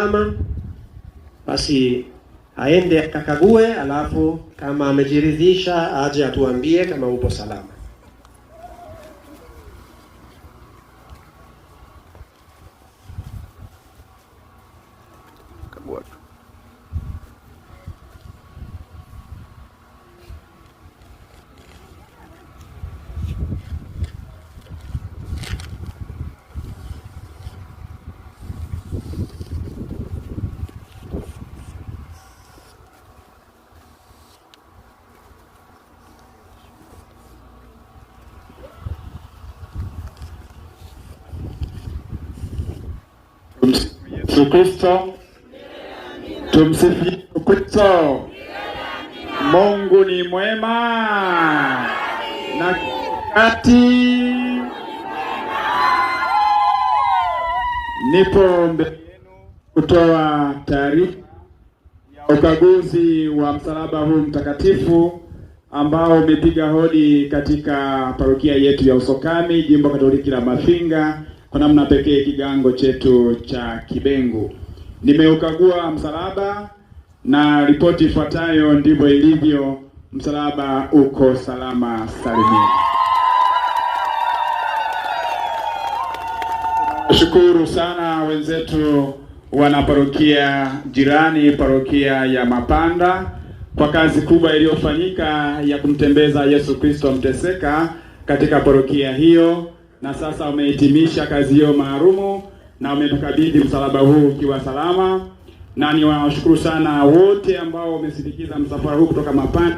Kama basi aende akakague, alafu kama amejiridhisha aje atuambie kama upo salama. Yesu Kristo. Tumsifu Yesu Kristo. Mungu ni mwema na kati nipo mbele yenu kutoa taarifa ya ukaguzi wa msalaba huu mtakatifu ambao umepiga hodi katika parokia yetu ya Usokami, jimbo Katoliki la Mafinga kwa namna pekee kigango chetu cha Kibengu. Nimeukagua msalaba na ripoti ifuatayo ndivyo ilivyo. Msalaba uko salama salimini. Shukuru sana wenzetu wana parokia jirani, parokia ya Mapanda kwa kazi kubwa iliyofanyika ya kumtembeza Yesu Kristo mteseka katika parokia hiyo na sasa wamehitimisha kazi hiyo maalumu na wametukabidhi msalaba huu ukiwa salama, na niwashukuru sana wote ambao wamesindikiza msafara huu kutoka Mapanda.